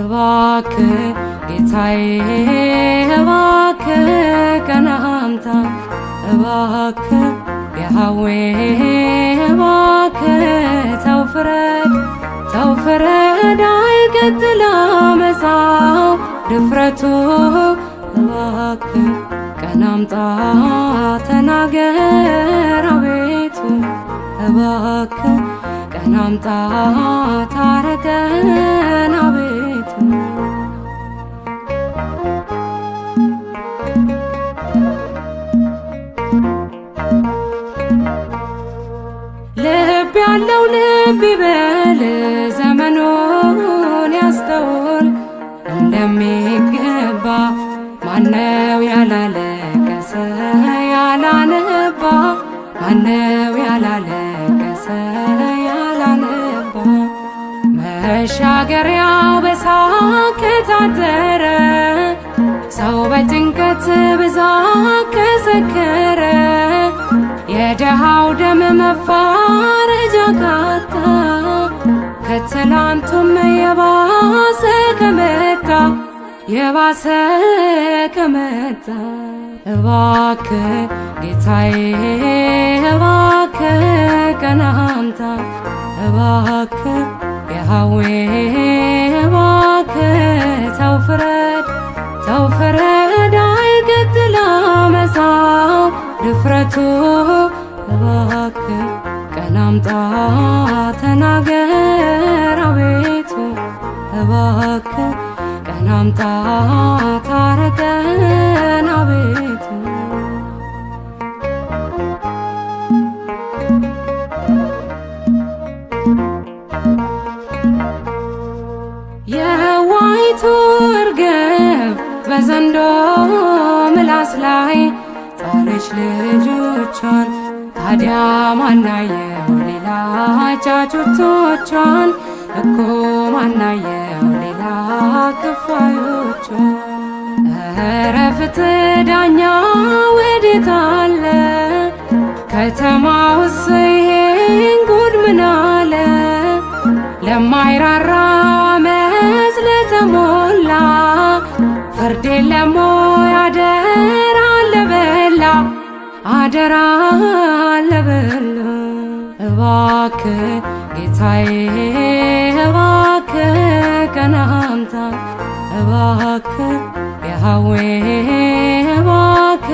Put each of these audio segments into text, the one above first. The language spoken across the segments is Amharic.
እባክ ጌታዬ እባክህ ቀና አምጣ እባክህ ያህዌ እባክህ ተው ፍረድ አይቀጥል ዓመፃው ድፍረቱ እባክ ቀናምጣ አምጣ ተናገር አቤቱ እባክህ ቀን አምጣ ታረቀን ልብ ያለው ልብ ይበል ዘመኑን ያስተውል እንደሚገባ ማነው ያላለቀሰ ያላነባ ማነው አደረ ሰው በጭንቀት ብዛ ከሰከረ የደሃው ደም መፋረጃ ካታ ከትላንቱም የባሰ ከመጣ የባሰ ከመጣ እባክ ጌታዬ እባክ ቀናምታ እባክ የሃዌ አምላክ እባክህ ቀን ተናገር አቤቱ እባክህ ታረቀን አቤቱ የዋይቱ እርግብ በዘንዶ ምላስ ላይ ጣለች ልጁ ጫጩቶቿን ታዲያ ማናየው ሌላ ጫጩቶቿን እኮ ማናየው ሌላ ክፋዮቿን እረ ዳኛ ወዴት አለ ከተማ ውስጥ ይሄን ጉድ ምን አለ ለማይራራ መዝ ለተሞላ ፍርዴ ለሞ ያደ አደራ ለበሉ እባክ ጌታዬ እባክ ቀናምታ እባክ የሃዌ እባክ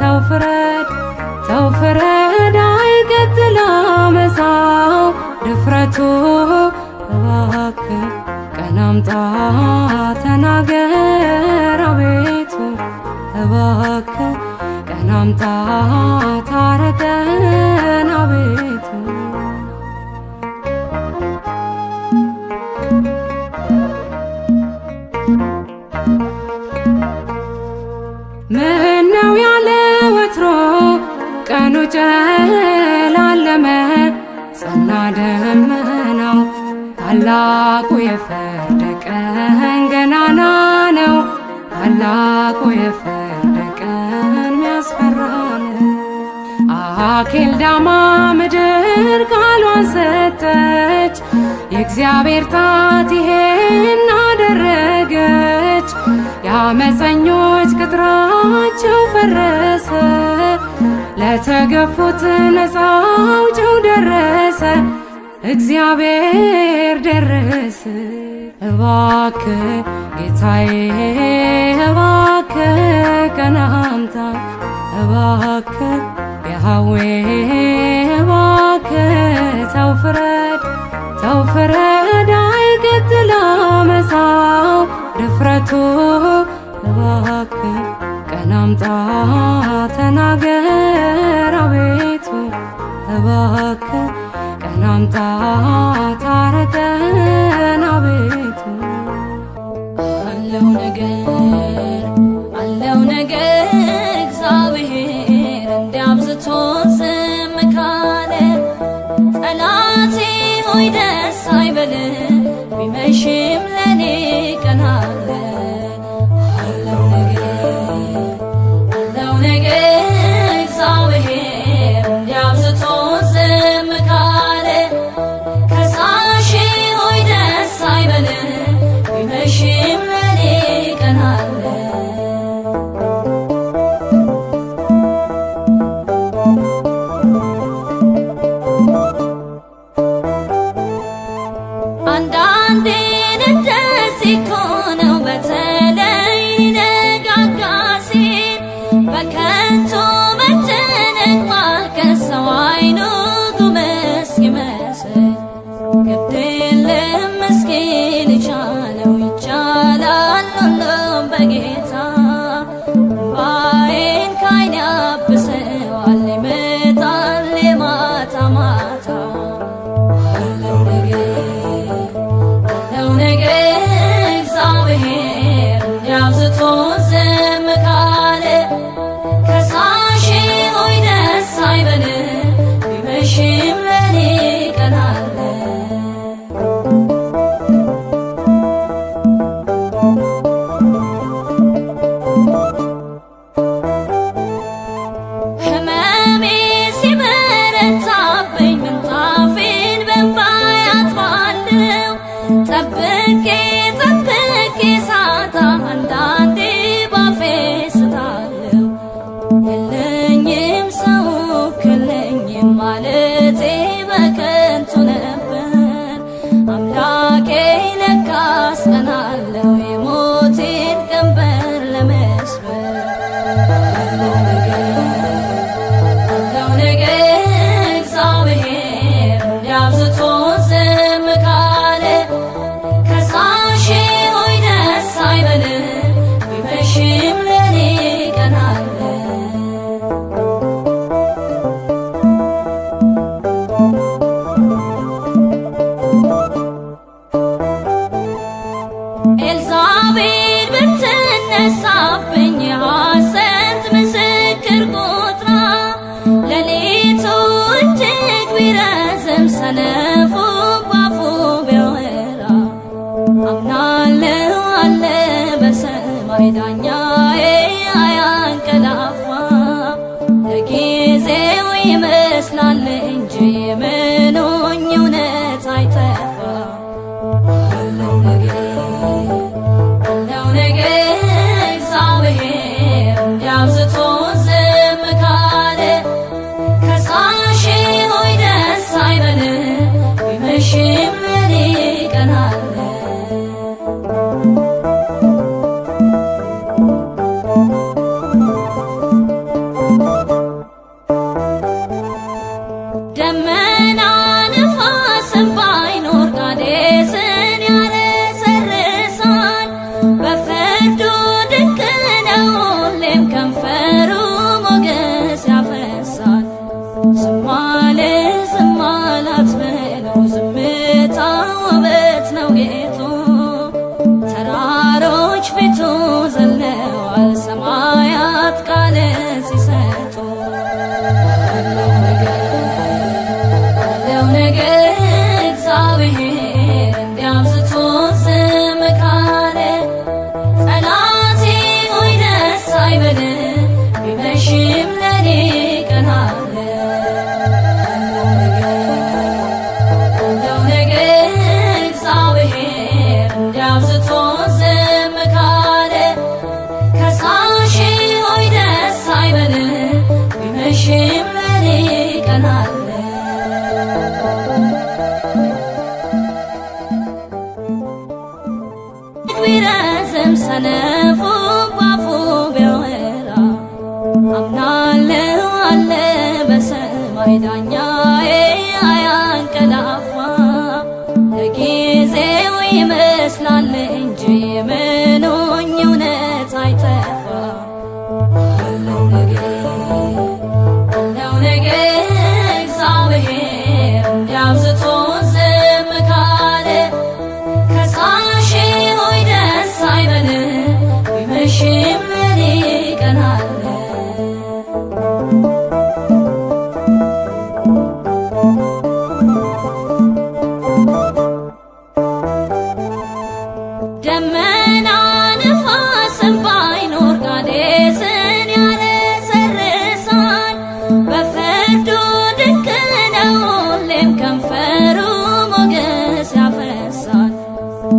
ተውፍረድ ተውፍረድ አይቀጥል አመፃው ድፍረቱ እባክ ቀናምጣ ተናገር አምጣ ታረቀን አቤቱ ምነው ያለ ወትሮ ቀኑ ጨላለመ ጸና ደመናው ታላቁ የፈ አኬልዳማ ምድር ቃሏን ሰጠች። የእግዚአብሔር ጣት ይሄን አደረገች። የአመፀኞች ቅጥራቸው ፈረሰ፣ ለተገፉት ነፃ አውጪው ደረሰ። እግዚአብሔር ደረሰ። እባክ ጌታዬ እባክ ቀናምታ እባክ ያህዌ እባክህ ተው ፍረድ፣ ተው ፍረድ። አይቀጥል ዓመፃው ድፍረቱ እባክህ ቀን ተናገር አቤቱ እባክህ ቀን ታረቀን dan din nhé sâu banana ቢረዝም ሰነፉ ባፉ ቢያወራ አምናለሁ አለ በሰማይ ዳኛ ደመና ንፋስም ባይኖር ቃዴስን ያረሰርሳል። በፍርዱ ድንቅ ነው ሁሌም ከንፈሩ ሞገስ ያፈሳል።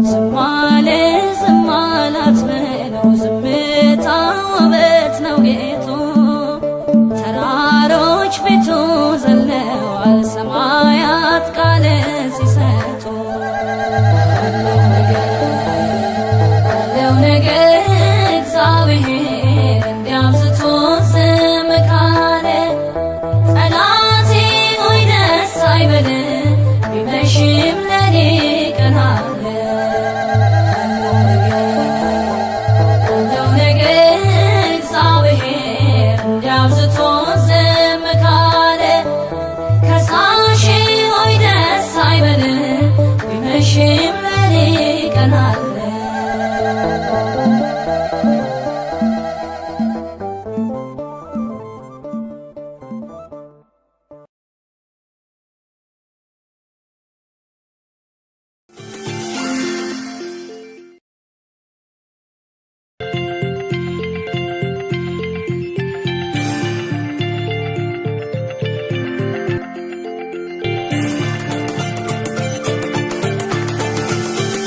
ዝም ዝማላት ዝም አላት ውበት ነው ጌጡ ተራሮች ፊቱ